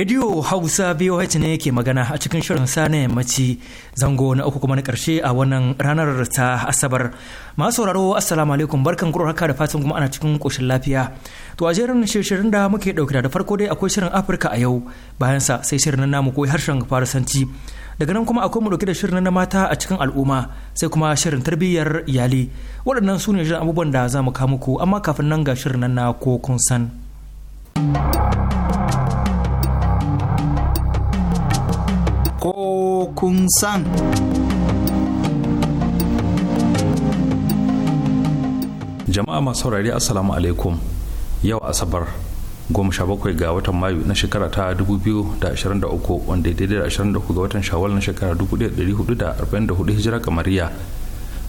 Radio Hausa BOH ne ke magana a cikin shirin sa na yammaci zango na uku kuma na karshe a wannan ranar ta Asabar. Masu sauraro Assalamu alaikum barkan kuro haka da fatan kuma ana cikin koshin lafiya. To a jerin shirin da muke dauke da farko dai akwai shirin Afirka a yau bayan sa sai shirin namu koyi harshen faransanci Daga nan kuma akwai mu dauke da shirin na mata a cikin al'umma sai kuma shirin tarbiyyar iyali. Waɗannan su ne abubuwan da za mu kawo muku amma kafin nan ga shirin na ko kun san. ko kun san. Jama'a masu saurari Assalamu alaikum yau Asabar goma sha bakwai ga watan Mayu na shekara ta 2023 wanda daidai da 23 ga watan Shawwal na shekara 1444 hijira kamariya.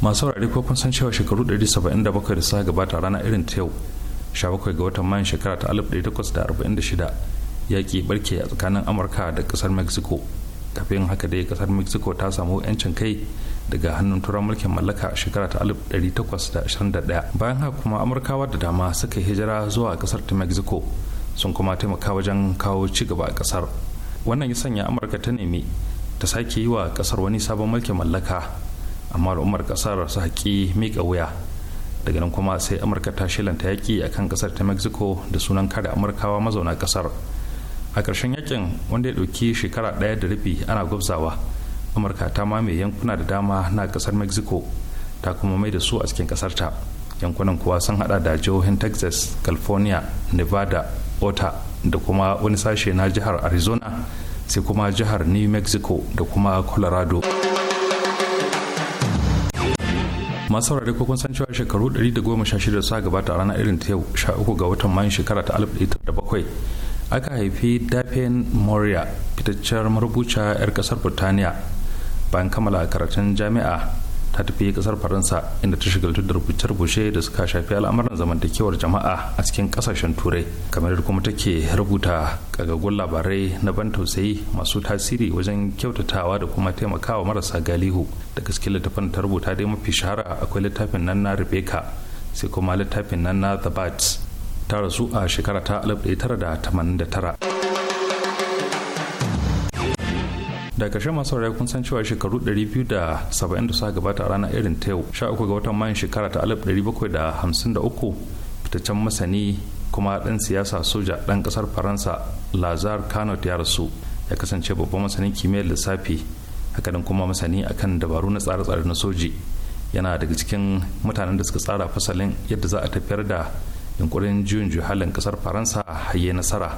Masu saurari ko kun san cewa shekaru 177 da suka gabata rana irin ta yau 17 ga watan Mayu shekara ta 1846 yaƙi barke a tsakanin Amurka da ƙasar Mexico. kafin haka dai kasar mexico ta samu 'yancin kai daga hannun turan mulkin mallaka a shekara ta 1821 bayan haka kuma amurkawa da dama suka yi hijira zuwa kasar ta mexico sun kuma taimaka wajen kawo ci gaba a kasar wannan ya sanya amurka ta nemi ta sake yi wa kasar wani sabon mulkin mallaka amma al'ummar kasar su haƙi miƙa wuya daga nan kuma sai amurka ta shilanta yaƙi akan kasar ta mexico da sunan kada amurkawa mazauna kasar a ƙarshen yakin wanda ya ɗauki shekara ɗaya da rufi ana gwabzawa amurka ta mamaye yankuna da dama na ƙasar mexico ta kuma mai da su a cikin ƙasar yankunan kuwa sun hada da jihohin texas california nevada ota da kuma wani sashe na jihar arizona sai kuma jihar new mexico da kuma colorado masu saurari ko kun san cewa shekaru 116 suka gabata a ranar irin ta yau 13 ga watan mayun shekara ta 1907 aka haifi daphne moria fitacciyar marubuca 'yar kasar burtaniya bayan kammala karatun jami'a ta tafi kasar faransa inda ta shigaltu da rubuce-rubuce da suka shafi al'amuran zamantakewar jama'a a cikin kasashen turai kamar da kuma take rubuta kagagun labarai na ban tausayi masu tasiri wajen kyautatawa da kuma taimakawa marasa galihu da gaske littafin ta rubuta dai mafi shahara akwai littafin nan na rebecca sai kuma littafin nan na the bats ta rasu a shekara ta 1989 da ƙarshe masu rayuwa kun san cewa shekaru 270 da suka gabata a ranar irin ta yau 13 ga watan mayan shekara ta 1753 fitaccen masani kuma ɗan siyasa soja ɗan kasar faransa lazar kanot ya rasu ya kasance babban masanin kimiyyar lissafi hakanan kuma masani a kan dabaru na tsare-tsare na soji yana daga cikin mutanen da suka tsara fasalin yadda za a tafiyar da yunkurin juyin juhalin kasar faransa ya nasara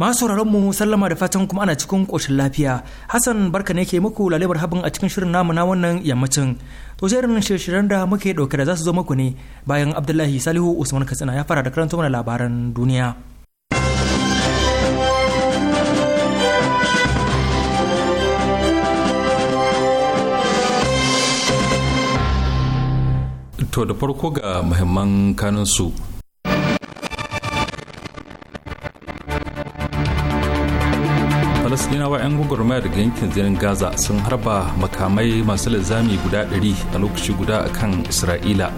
masu mu sallama da fatan kuma ana cikin ƙoshin lafiya hassan barka ne ke muku lalebar habin a cikin shirin namu na wannan yammacin to jerin shirin da muke ɗauke da za su zo muku ne bayan abdullahi salihu usman katsina ya fara da karanta mana labaran duniya to da farko ga muhimman kanunsu yanawa 'yan gwagwarmaya daga yankin zirin Gaza sun harba makamai masu lizami guda 100 a lokaci guda a kan Isra'ila.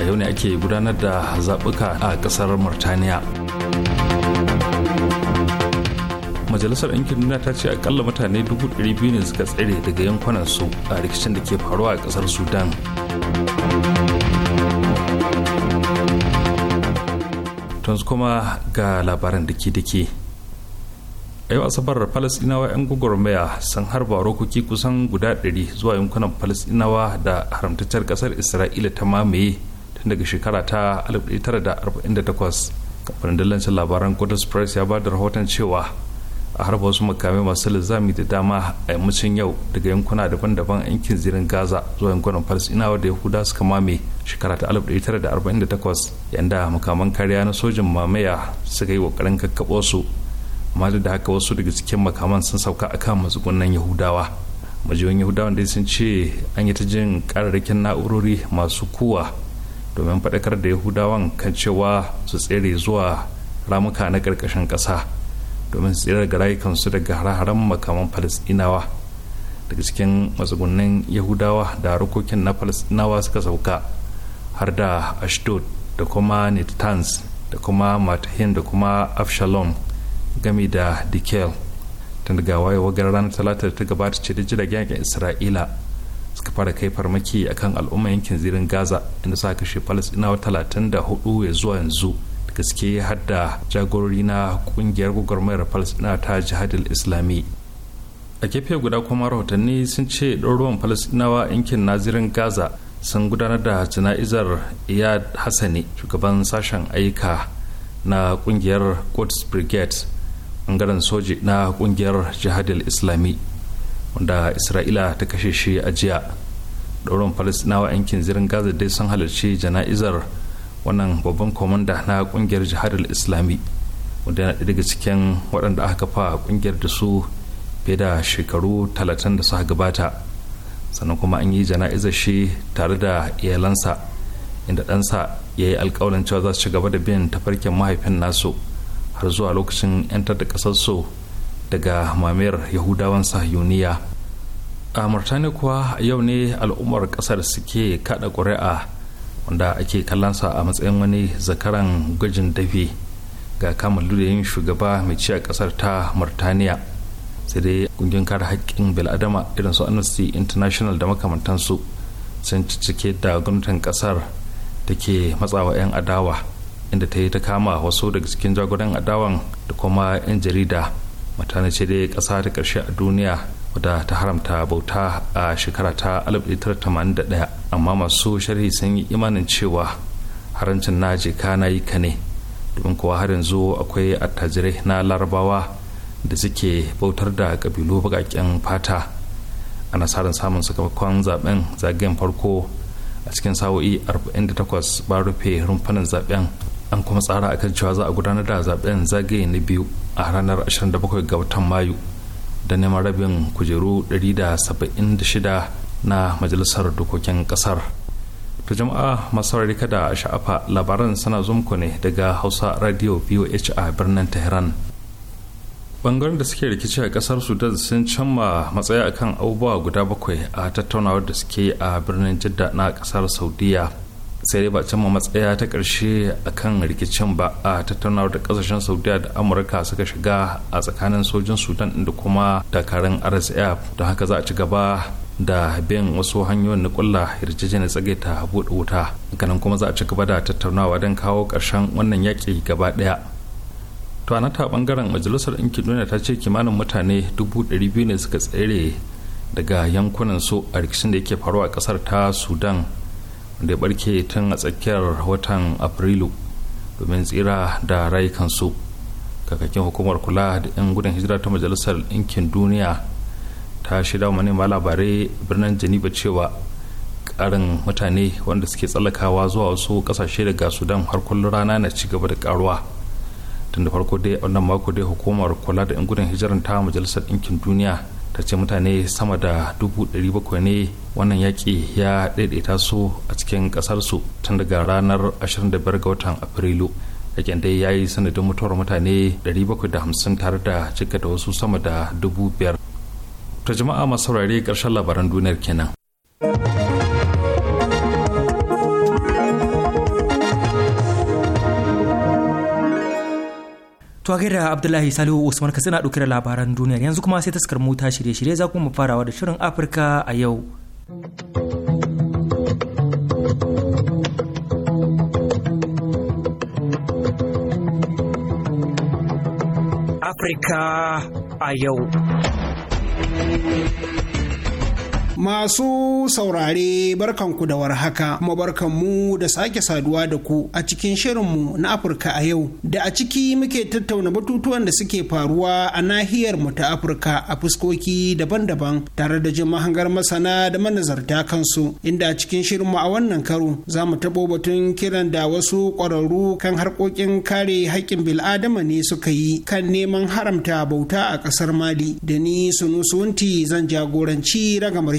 A yau ne ake gudanar da zaɓuka a ƙasar Murtaniya. Majalisar ɗinkin Duniya ta ce akalla mutane 200,000 ne suka tsere daga yankunan su a rikicin da ke faruwa a ƙasar Sudan. yanzu kuma ga labaran da ke dake a yau asabar falasɗinawa 'yan gwagwarmaya sun harba rokoki kusan guda ɗari zuwa yankunan falasɗinawa da haramtaccen ƙasar isra'ila ta mamaye tun daga shekara ta 1948 kamfanin dillancin labaran Goddess press ya ba da rahoton cewa a harba wasu makamai masu lizami da dama a yammacin yau daga yankuna daban-daban yankin zirin gaza zuwa yankunan falasɗinawa da yahuda suka mamaye shekara ta 1948 yadda makaman kariya na sojin mamaya suka yi kokarin kakkaɓo su amma da haka wasu daga cikin makaman sun sauka akan matsugunan yahudawa majiyoyin yahudawa dai sun ce an yi ta jin kararrakin na'urori masu kuwa domin faɗakar da yahudawan kan cewa su tsere zuwa ramuka na ƙarƙashin ƙasa domin su tsere ga rayukansu daga hare-haren makaman falasɗinawa daga cikin matsugunan yahudawa da harkokin na falasɗinawa suka sauka har da ashdod da kuma netans da kuma matahin da kuma afshalom gami da dikel tun daga wagar ranar talata da ta gabata ce da jiragen yankin isra'ila suka fara kai farmaki a kan al'umma yankin zirin gaza inda suka kashe falasɗinawa talatin da hudu ya zuwa yanzu gaske har da jagorori na kungiyar gwagwarmayar falasɗinawa ta jihadil islami a gefe guda kuma rahotanni sun ce ruwan falasɗinawa yankin nazirin gaza sun gudanar da jana'izar iyad hassani shugaban sashen aika na kungiyar quds brigade bangaren soji na kungiyar jihadil islami wanda isra'ila ta kashe shi a jiya ɗaurin falasinawa yankin zirin gaza dai sun halarci jana'izar wannan babban komanda na kungiyar jihadil islami wanda yana daga cikin waɗanda aka kafa kungiyar da su fiye da shekaru talatin da suka gabata sannan kuma an yi jana'izar shi tare da iyalansa inda ɗansa ya yi alkawalin cewa za su ci gaba da bin tafarkin mahaifin nasu har zuwa lokacin 'yantar da ƙasarsu daga mamayar yahudawan sahiyuniya a murtani kuwa yau ne al'ummar ƙasar suke kaɗa ƙuri'a wanda ake kallonsa a matsayin wani zakaran gwajin dafi ga kamun ludayin shugaba mai ci a ƙasar ta murtaniya sai dai kungiyar kare haƙƙin bil'adama irin su amnesty international da makamantansu sun cike da gwamnatin ƙasar da ke matsawa 'yan adawa inda ta yi ta kama wasu daga cikin jagoran adawan da kuma 'yan jarida mutane ce dai ƙasa ta ƙarshe a duniya wadda ta haramta bauta a shekara ta 1981 amma masu sharhi sun yi imanin cewa harancin na jeka na yi ka ne domin kuwa har yanzu akwai attajirai na larabawa da suke bautar da kabilu baƙaƙen fata ana nasarar samun sakamakon zaben zagayen farko a cikin sa'o'i 48 ba rufe rumfanin zaben an kuma tsara akan cewa za a gudanar da zaben zagaye na biyu a ranar 27 ga watan mayu da neman rabin kujeru 176 na majalisar dokokin kasar ta jama'a masu kada da sha'afa labaran sana zumku ne daga hausa radio voh a birnin tehran bangaren da suke rikici a kasar sudan sun cimma matsaya kan abubuwa guda bakwai a tattaunawar da suke a birnin jidda na kasar saudiya sai dai ba cimma matsaya ta karshe kan rikicin ba a tattaunawar da kasashen saudiya da amurka suka shiga a tsakanin sojin sudan da kuma dakarun rsf don haka za a ci gaba da bin wasu hanyoyin na kulla yarjejeniyar tsage ta buɗe wuta ganin kuma za a ci gaba da tattaunawa don kawo ƙarshen wannan yaƙi gaba ɗaya to a nata bangaren majalisar ɗinkin duniya ta ce kimanin mutane dubu ɗari biyu ne suka tsere daga yankunan su a rikicin da yake faruwa a ƙasar ta sudan da ya barke tun a tsakiyar watan afrilu domin tsira da rayukansu kakakin hukumar kula da 'yan gudun hijira ta majalisar ɗinkin duniya ta shida manema labarai birnin geneva cewa karin mutane wanda suke tsallakawa zuwa wasu kasashe daga sudan har kullum rana na ci gaba da karuwa tun da farko dai wannan mako dai hukumar kula da 'yan gudun hijiran ta majalisar ɗinkin duniya ta ce mutane sama da dubu bakwai ne wannan yaƙi ya daidaita su a cikin su tun daga ranar 25 ga watan afrilu yaƙin dai ya yi sanadin mutuwar mutane 750 tare da cika da wasu sama da dubu biyar ta jama'a masu saurari ƙarshen labaran duniyar kenan. To a gaida Abdullahi Salihu Usman ka suna ɗauke da labaran duniya yanzu kuma sai taskar mota shirye-shirye za kuma farawa da shirin Afirka a yau. Afirka a yau. Masu saurare barkanku da warhaka kuma mu da sake saduwa da ku a cikin shirinmu na Afirka a yau da a ciki muke tattauna batutuwan da suke faruwa a nahiyar mu ta Afirka a fuskoki daban-daban tare da jin mahangar masana da manazarta kansu inda a cikin shirinmu a wannan karo za mu taɓo batun kiran da wasu ƙwararru kan harkokin kare haƙƙin bil'adama ne suka yi kan neman haramta bauta a ƙasar Mali da ni Sunusunti zan jagoranci ragamar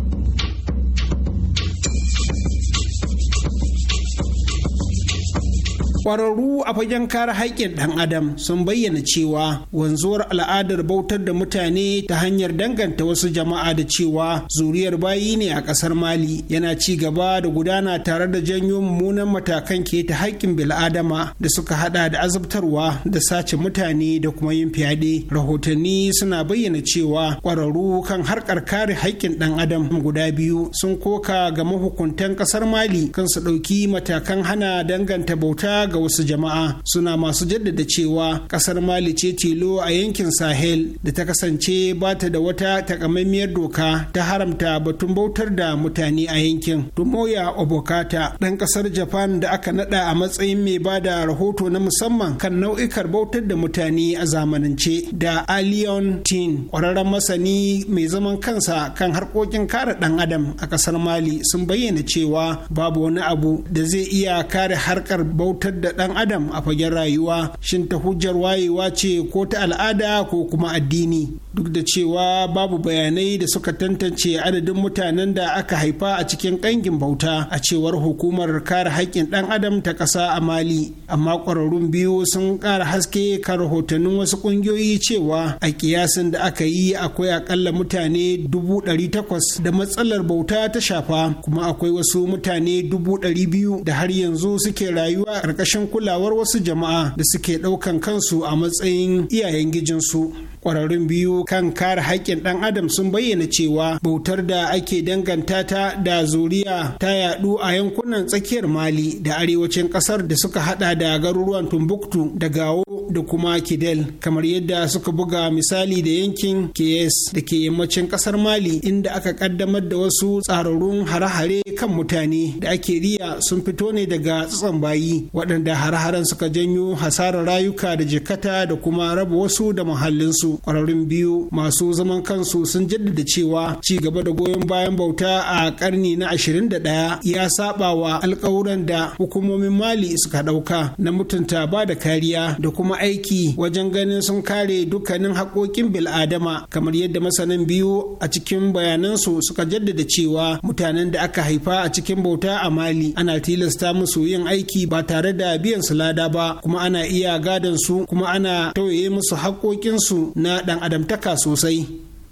Kwararru a fagen kare haƙƙin ɗan adam sun bayyana cewa wanzuwar al'adar bautar da mutane ta hanyar danganta wasu jama'a da cewa zuriyar bayi ne a ƙasar Mali yana ci gaba da gudana tare da janyo mummunan matakan ke ta haƙƙin bil'adama da suka haɗa da azabtarwa da sace mutane da kuma yin fyaɗe. Rahotanni suna bayyana cewa kwararru kan harkar kare haƙƙin ɗan adam guda biyu sun koka ga mahukuntan ƙasar Mali kan su ɗauki matakan hana danganta bauta ga wasu jama'a suna masu jaddada cewa kasar mali ce tilo a yankin sahel da ta kasance ba ta da wata takamaimiyar doka ta haramta batun bautar da mutane a yankin tumoya obokata dan kasar japan da aka nada a matsayin mai ba da rahoto na musamman kan nau'ikar bautar da mutane a zamanance da alion tin kwararren masani mai zaman kansa kan harkokin kare ɗan adam a kasar mali sun bayyana cewa babu wani abu da zai iya kare harkar bautar da ɗan adam a fagen rayuwa shin ta hujjar wayewa ce ko ta al'ada ko kuma addini duk da cewa babu bayanai da suka tantance adadin mutanen da aka haifa a cikin ƙangin bauta a cewar hukumar kare haƙƙin ɗan adam ta ƙasa a mali amma ƙwararrun biyu sun ƙara haske kan rahotannin wasu ƙungiyoyi cewa a kiyasin da aka yi akwai aƙalla mutane dubu ɗari takwas da matsalar bauta ta shafa kuma akwai wasu mutane dubu ɗari biyu da har yanzu suke rayuwa a ƙarƙashin kulawar wasu jama'a da suke ɗaukan kansu a matsayin iyayen gijinsu. kwararrun biyu kan kare haƙƙin ɗan adam sun bayyana cewa bautar da ake danganta ta da zuriya ta yaɗu a yankunan tsakiyar mali da arewacin ƙasar da suka hada da garuruwan tumbuktu da gawo da kuma kidel kamar yadda suka buga misali da yankin keyes da ke yammacin ƙasar mali inda aka ƙaddamar da wasu tsararrun hare-hare kan mutane da ake riya sun fito ne daga tsatsan bayi waɗanda hare-haren suka janyo hasarar rayuka da jikata da kuma raba wasu da muhallinsu kwararrun biyu masu zaman kansu sun jaddada cewa ci gaba da goyon bayan bauta a karni na 21 ya saba wa alkawuran da hukumomin mali suka dauka na mutunta ba da kariya da kuma aiki wajen ganin sun kare dukkanin haƙoƙin bil'adama kamar yadda masanan biyu a cikin bayanansu suka jaddada cewa mutanen da aka haifa a cikin bauta a mali ana tilasta musu yin aiki ba tare da biyan su ba kuma ana iya gadon su kuma ana tauye musu haƙoƙinsu na ɗan adamtaka sosai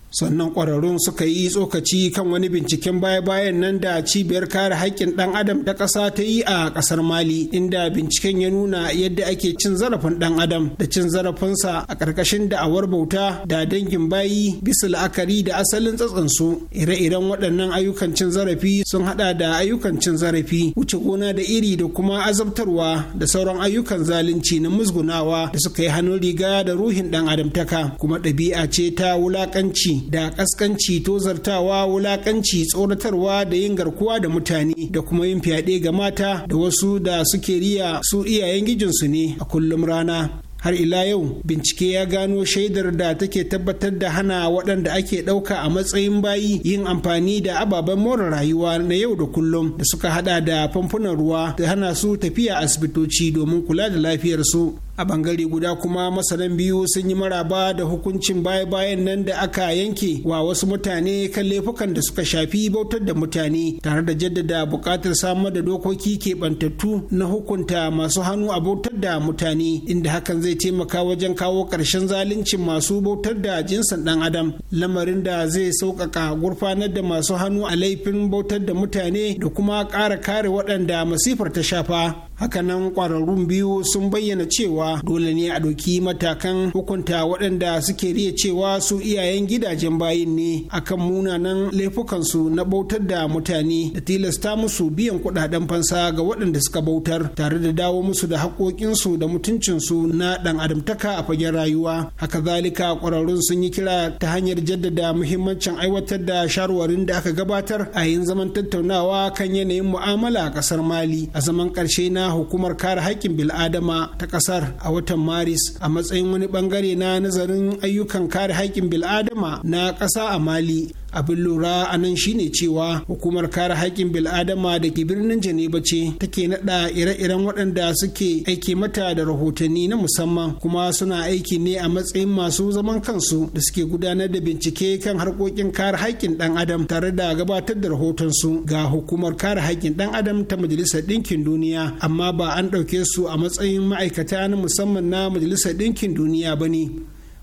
sannan kwararrun suka yi tsokaci kan wani binciken baya-bayan nan da cibiyar kare haƙƙin ɗan adam ta ƙasa ta yi a ƙasar mali inda binciken ya nuna yadda ake cin zarafin ɗan adam da cin zarafinsa a ƙarƙashin da'awar bauta da dangin bayi bisa la'akari da asalin tsatsansu ire-iren waɗannan ayyukan cin zarafi sun haɗa da ayyukan cin zarafi wuce gona da iri da kuma azabtarwa da sauran ayyukan zalunci na musgunawa da suka yi hannun riga da ruhin ɗan adamtaka kuma ɗabi'a ce ta wulaƙanci da kaskanci tozartawa wulakanci tsoratarwa da yin garkuwa da mutane da kuma yin fyaɗe ga mata da wasu da suke riya su iyayen gijinsu ne a kullum rana har ila yau bincike ya gano shaidar da take tabbatar da hana waɗanda ake ɗauka a matsayin bayi yin amfani da ababen more rayuwa na yau da kullum da suka hada da famfunan ruwa da hana su tafiya asibitoci domin kula da lafiyarsu a bangare guda kuma masanan biyu sun yi maraba da hukuncin baya-bayan nan da aka yanke wa wasu mutane kan laifukan da suka shafi bautar da mutane tare da jaddada buƙatar samar da dokoki ke keɓantattu na hukunta masu hannu a bautar da mutane inda hakan zai taimaka wajen kawo ƙarshen zaluncin masu bautar da jinsin ɗan adam lamarin da zai sauƙaƙa gurfanar da masu hannu a laifin bautar da mutane da kuma ƙara kare waɗanda masifar ta shafa hakanan kwararrun biyu sun bayyana cewa dole ne a ɗauki matakan hukunta waɗanda suke riya cewa su iyayen gidajen bayin ne akan munanan laifukansu na bautar da mutane da tilasta musu biyan kuɗaɗen fansa ga waɗanda suka bautar tare da dawo musu da haƙoƙinsu da mutuncinsu na ɗan adamtaka a fagen rayuwa haka zalika kwararrun sun yi kira ta hanyar jaddada muhimmancin aiwatar da shawarwarin da aka gabatar a yin zaman tattaunawa kan yanayin mu'amala a ƙasar mali a zaman ƙarshe na hukumar kare haƙƙin bil'adama ta ƙasar a watan maris a matsayin wani ɓangare na nazarin ayyukan kare haƙƙin bil'adama na ƙasa a mali abin lura a nan shine cewa hukumar kare haƙƙin bil'adama da ke birnin janeba ce take naɗa ire-iren waɗanda suke aiki mata da rahotanni na musamman kuma suna aiki ne a matsayin masu zaman kansu da suke gudanar da bincike kan harkokin kare haƙƙin ɗan adam tare da gabatar da rahotonsu ga hukumar kare haƙƙin ɗan adam ta majalisar ɗinkin duniya amma ba an ɗauke su a matsayin ma'aikata na musamman na majalisar ɗinkin duniya ba ne.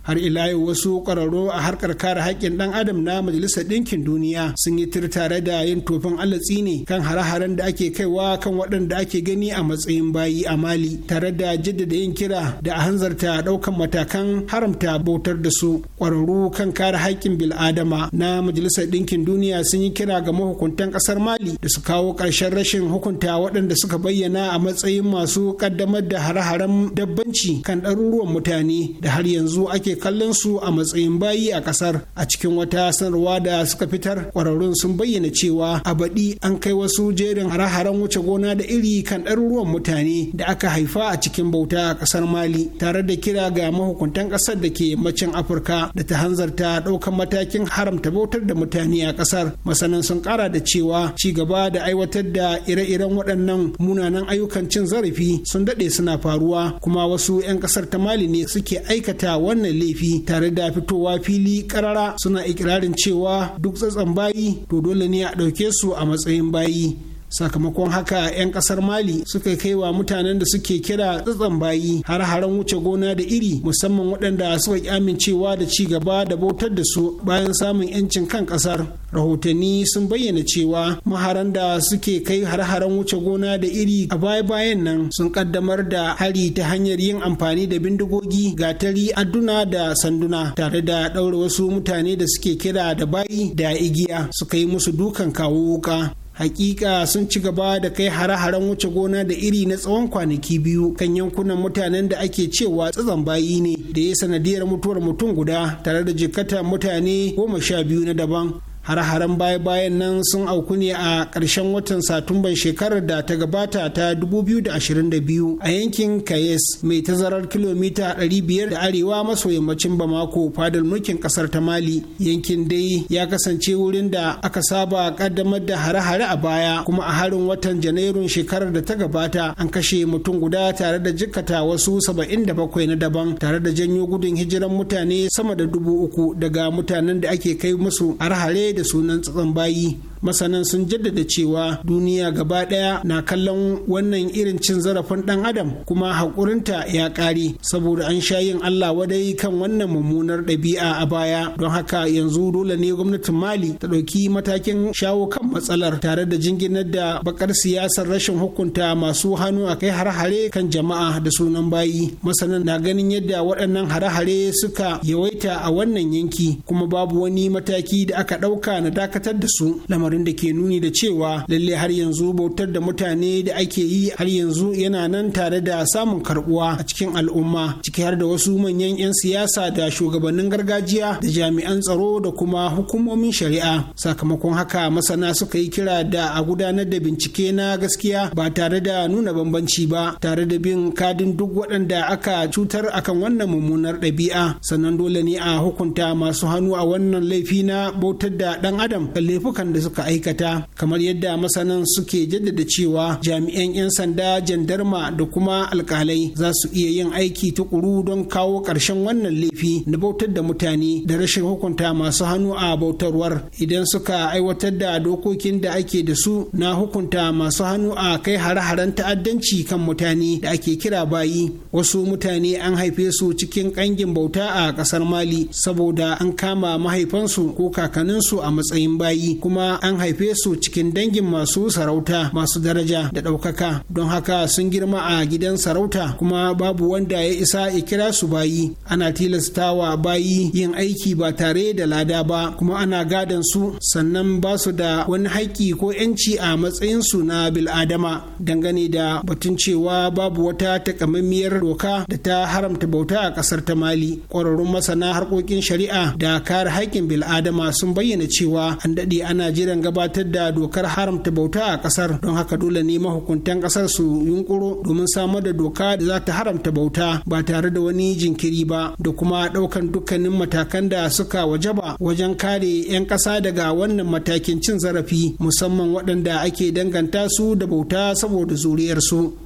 har ila yau wasu kwararru a harkar kare haƙƙin ɗan adam na majalisar ɗinkin duniya sun yi tir tare da yin tofin alatsi ne kan hare-haren da ake kaiwa kan waɗanda ake gani a matsayin bayi a mali tare da jaddada yin kira da a hanzarta ɗaukan matakan haramta bautar da su kwararru kan kare haƙƙin bil'adama na majalisar ɗinkin duniya sun yi kira ga mahukuntan ƙasar mali da su kawo ƙarshen rashin hukunta waɗanda suka bayyana a matsayin masu ƙaddamar da hare-haren dabbanci kan ɗaruruwan mutane da har yanzu ake kallon su a matsayin bayi a kasar a cikin wata sanarwa da suka fitar kwararrun sun bayyana cewa a baɗi an kai wasu jerin hare-haren wuce gona da iri kan ɗaruruwan mutane da aka haifa a cikin bauta a kasar mali tare da kira ga mahukuntan kasar da ke macin afirka da ta hanzarta ɗaukan matakin haramta bautar da mutane a kasar masanan sun kara da cewa ci gaba da aiwatar da ire-iren waɗannan munanan ayyukan cin zarafi sun daɗe suna faruwa kuma wasu 'yan kasar ta mali ne suke aikata wannan laifi tare da fitowa fili karara suna ikirarin cewa duk tsatsan bayi to dole ne a ɗauke su a matsayin bayi sakamakon haka 'yan kasar mali suka kai wa mutanen da suke kira tsatsan bayi har haren wuce gona da iri musamman waɗanda suka amincewa da ci gaba da bautar da su bayan samun 'yancin kan kasar rahotanni sun bayyana cewa maharan da suke kai har-haren wuce gona da iri a baya-bayan nan sun kaddamar da hari ta hanyar yin amfani da bindigogi gatari adduna da sanduna tare da ɗaure wasu mutane da suke kira da bayi da igiya suka yi musu dukan kawo wuka hakika sun ci gaba da kai hare-haren wuce gona da iri na tsawon kwanaki biyu kan yankunan mutanen da ake cewa tsazan bayi ne da ya sanadiyar mutuwar mutum guda tare da jikata mutane goma sha biyu na daban har-haren baya-bayan nan sun auku ne a ƙarshen watan satumban shekarar da ta gabata ta 2022 a yankin kayes mai tazarar kilomita 500 da arewa maso yammacin bamako fadar mulkin ƙasar ta mali yankin dai ya kasance wurin da aka saba ƙaddamar da hare-hare a baya kuma a harin watan janairun shekarar da ta gabata an kashe mutum guda tare da jikkata wasu 77 na daban tare da janyo gudun hijiran mutane sama da dubu uku daga mutanen da ake kai musu har-hare da sunan tsatsan bayi masanan sun jaddada cewa duniya gaba ɗaya na kallon wannan irin cin zarafin ɗan adam kuma haƙurinta ya ƙare saboda an sha yin allah wadai kan wannan mummunar ɗabi'a a baya don haka yanzu dole ne gwamnatin mali ta ɗauki matakin shawo kan matsalar tare da jinginar da bakar siyasar rashin hukunta masu hannu a kai hare hare kan jama'a da sunan bayi masanan na ganin yadda waɗannan hare-hare suka yawaita a wannan yanki kuma babu wani mataki da aka ɗauka na dakatar da su lamarin da ke nuni da cewa lalle har yanzu bautar da mutane da ake yi har yanzu yana nan tare da samun karbuwa a cikin al'umma ciki har da wasu manyan 'yan siyasa da shugabannin gargajiya da jami'an tsaro da kuma hukumomin shari'a sakamakon haka masana suka yi kira da a gudanar da bincike na gaskiya ba tare da nuna bambanci ba tare da bin kadin duk waɗanda aka cutar akan wannan mummunar ɗabi'a sannan dole ne a hukunta masu hannu a wannan laifi na bautar da ɗan adam laifukan da suka suka aikata kamar yadda masanan suke jaddada cewa jami'an 'yan sanda jandarma da kuma alkalai za su iya yin aiki tukuru don kawo ƙarshen wannan laifi na bautar da mutane da rashin hukunta masu hannu a bautarwar idan suka aiwatar da dokokin da ake da su na hukunta masu hannu a kai hare-haren ta'addanci kan mutane da ake kira bayi wasu mutane an haife su cikin ƙangin bauta a ƙasar mali saboda an kama mahaifansu ko kakanninsu a matsayin bayi kuma an haife su cikin dangin masu sarauta masu daraja da ɗaukaka don haka sun girma a gidan sarauta kuma babu wanda ya isa ya kira su bayi ana tilastawa bayi yin aiki ba tare da lada ba kuma ana gadon su sannan ba su da wani haƙƙi ko 'yanci a matsayin su na bil'adama dangane da batun cewa babu wata takamammiyar doka da ta haramta bauta a ƙasar ta mali ƙwararrun masana harkokin shari'a da kare haƙƙin bil'adama sun bayyana cewa an daɗe ana jiran wajen gabatar da dokar haramta bauta a kasar don haka dole ne mahukuntan kasar su yunkuro domin samar da doka da za ta haramta bauta ba tare da wani jinkiri ba da kuma ɗaukan dukkanin matakan da suka wajaba wajen kare 'yan ƙasa daga wannan matakin cin zarafi musamman waɗanda ake danganta su da bauta saboda zuriyarsu.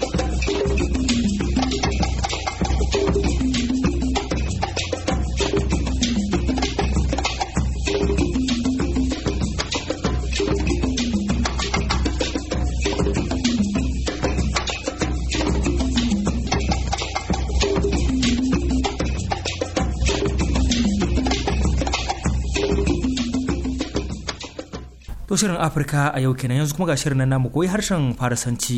shirin Afirka a yau kenan yanzu kuma ga shirin namu koyi harshen Farisanci.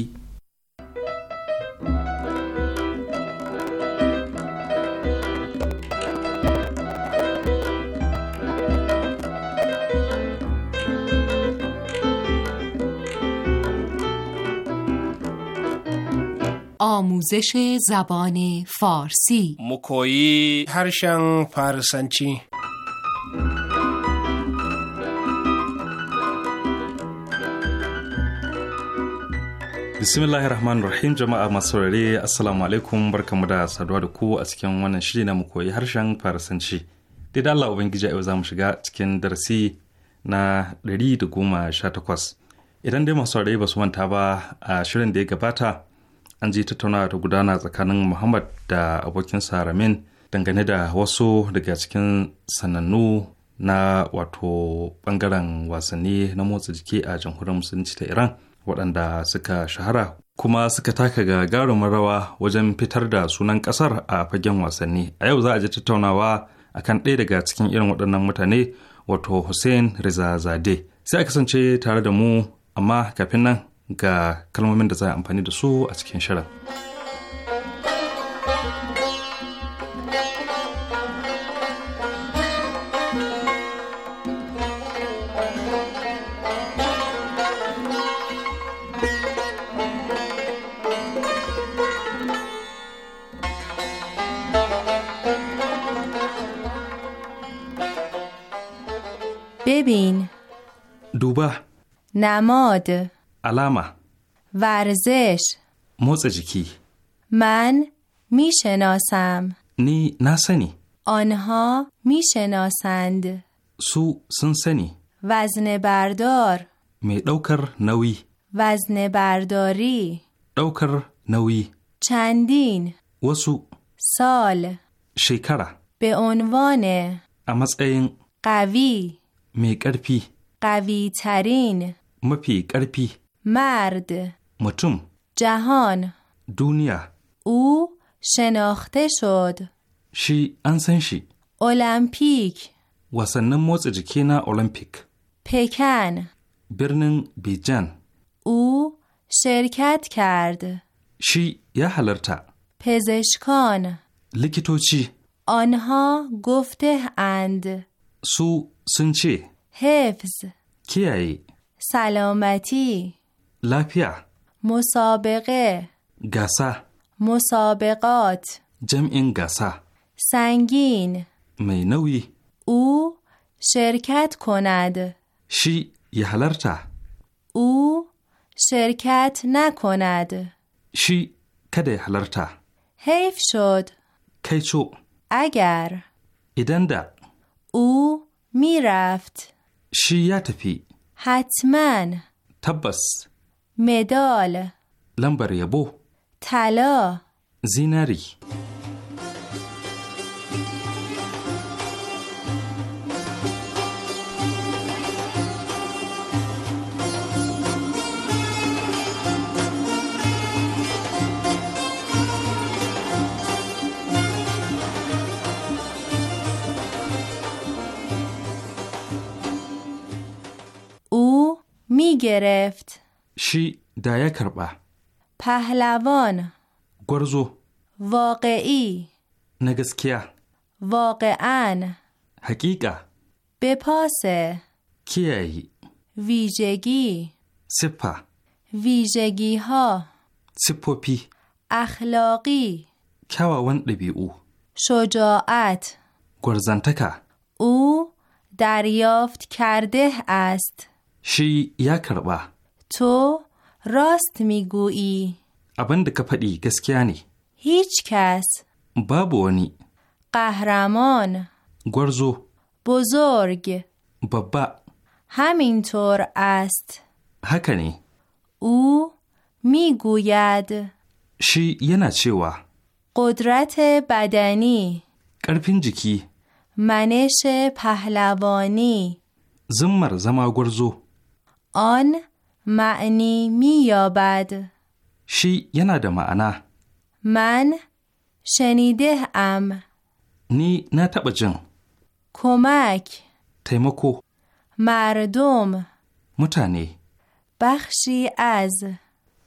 آموزش زبان فارسی مکویی هرشن فارسنچی bismillahir rahmanir rahim jama'a masu saurare assalamu alaikum barkamu da saduwa da ku a cikin wannan shiri na mu koyi harshen farasanci da Allah ubangiji yau za mu shiga cikin darasi na 118 idan dai masu saurare ba su manta ba a shirin da ya gabata an ji tattauna da gudana tsakanin muhammad da abokin saramin dangane da wasu daga cikin sanannu na wato bangaren wasanni na motsa jiki a jamhuriyar musulunci ta iran waɗanda suka shahara kuma suka taka gagarumin rawa wajen fitar da sunan ƙasar a fagen wasanni a yau za a ji tattaunawa kan ɗaya daga cikin irin waɗannan mutane wato hussein riza zade sai a kasance tare da mu amma kafin nan ga kalmomin da za a amfani da su a cikin shirin. ببین دوبه نماد علامه ورزش موز من میشناسم نی نسنی آنها میشناسند سو سنسنی وزن بردار می دوکر نوی وزن برداری دوکر نوی چندین وسو سال شکره به عنوان این قوی می کرپی قوی ترین مپی مرد متوم جهان دنیا او شناخته شد شی انسن شی المپیک وسن موز جکینا اولمپیک پکن برنن بیجان او شرکت کرد شی یا حلرتا پزشکان تو چی آنها گفته اند سو سنچی حفظ کیایی سلامتی لپیا مسابقه گسه مسابقات جمع گسه سنگین مینوی او شرکت کند شی یهلرتا او شرکت نکند شی کده یهلرتا حیف شد کیچو اگر ایدنده او میرفت شیعت پی حتما تبس مدال لمبر یبو طلا زیناری گرفت شی دایه کربه پهلوان گرزو واقعی نگسکیه واقعا حقیقه بپاسه ای ویژگی سپه ویژگی ها سپوپی اخلاقی کواون ربی او شجاعت گرزنتکه او دریافت کرده است shi ya karɓa. To, Rost Migui. Abin da ka faɗi gaskiya ne. Hitchcast. Babu wani. Ƙahramon. Gwarzo. Bozorg. Babba. Hamintor Ast. Haka ne. U, Miguyad. Shi yana cewa. قدرت بدنی قرپین جکی منش پهلوانی زمر zama gwarzo. آن معنی مییابد شی یه نده معنا من شنیده ام نی نه تبا کمک تیمکو مردم متانی بخشی از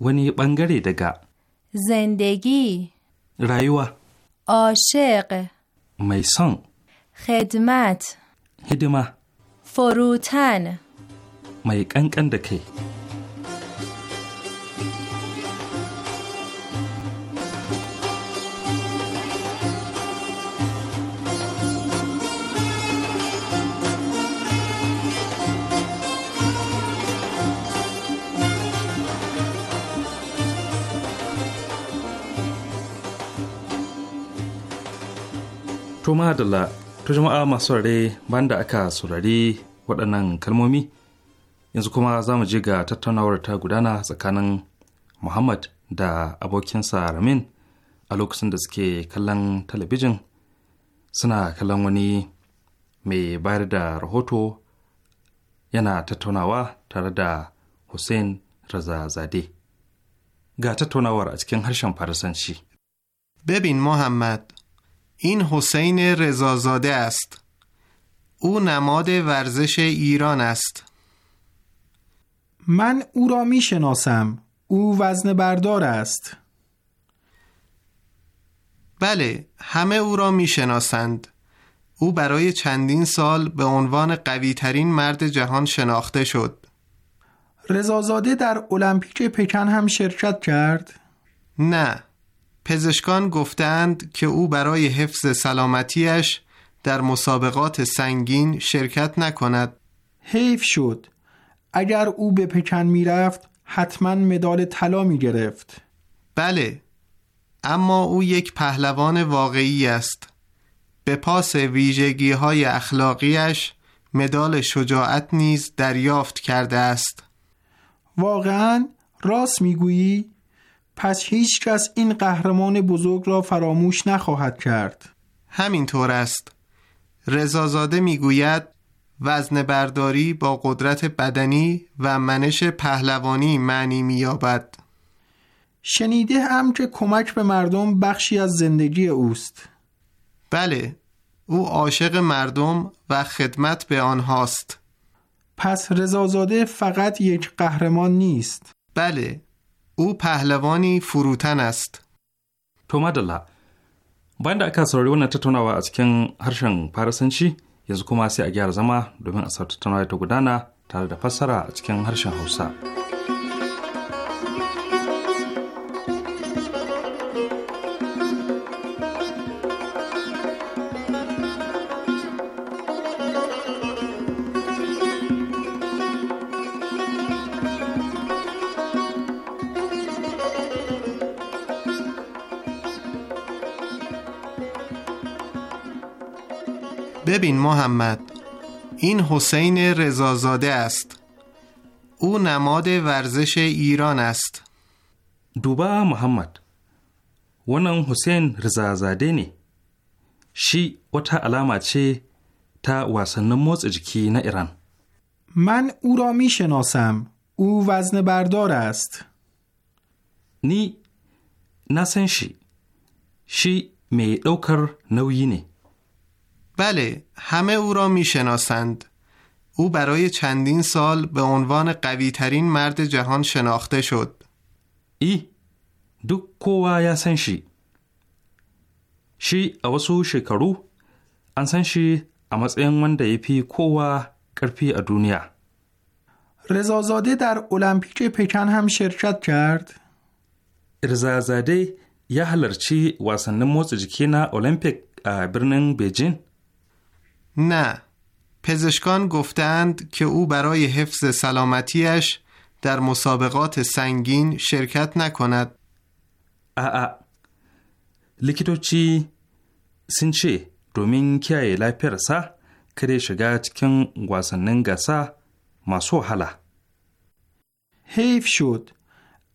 ونی بنگری دگا زندگی رایوه عاشق میسان خدمت هدمه فروتن mai kankan da kai Tuma da la jama'a masu rare banda aka saurari waɗannan kalmomi yanzu kuma za mu je ga tattaunawar ta gudana tsakanin muhammad da abokinsa ramin a lokacin da suke kallon talabijin suna kallon wani mai bayar da rahoto yana tattaunawa tare da hussein razazade ga tattaunawar a cikin harshen farisanci ببین محمد این حسین رضازاده است او نماد ورزش ایران است من او را می شناسم او وزن بردار است بله همه او را می شناسند او برای چندین سال به عنوان قوی ترین مرد جهان شناخته شد رضازاده در المپیک پکن هم شرکت کرد؟ نه پزشکان گفتند که او برای حفظ سلامتیش در مسابقات سنگین شرکت نکند حیف شد اگر او به پکن میرفت حتما مدال طلا می گرفت بله اما او یک پهلوان واقعی است به پاس ویژگی های اخلاقیش مدال شجاعت نیز دریافت کرده است واقعا راست گویی؟ پس هیچ کس این قهرمان بزرگ را فراموش نخواهد کرد همینطور است رضازاده گوید وزن برداری با قدرت بدنی و منش پهلوانی معنی میابد شنیده هم که کمک به مردم بخشی از زندگی اوست بله او عاشق مردم و خدمت به آنهاست پس رضازاده فقط یک قهرمان نیست بله او پهلوانی فروتن است تو مدلا باید da و saurari wannan و از cikin harshen farasanci yanzu kuma sai a gyara zama domin a tattaunawa ta gudana tare da fassara a cikin harshen hausa. ببین محمد این حسین رضازاده است او نماد ورزش ایران است دوبا محمد wannan حسین رضازاده نی؟ شی تا alama چه تا واسنن motsa اجکی نه ایران من او را می شناسم. او وزن بردار است. نی نسن شی. شی می دوکر بله همه او را میشناسند او برای چندین سال به عنوان قوی ترین مرد جهان شناخته شد ای دو و یا سنشی شی اوسو شکرو انسنشی اما سین ونده یپی کووا کرپی ادونیا رزازاده در المپیک پکن هم شرکت کرد؟ رزازاده یه هلرچی واسن جکینا المپیک برنن بیجین؟ نه پزشکان گفتند که او برای حفظ سلامتیش در مسابقات سنگین شرکت نکند a'a likitoci sun ce domin kiyaye کری شگا shiga cikin wasannin ما سو حیف شد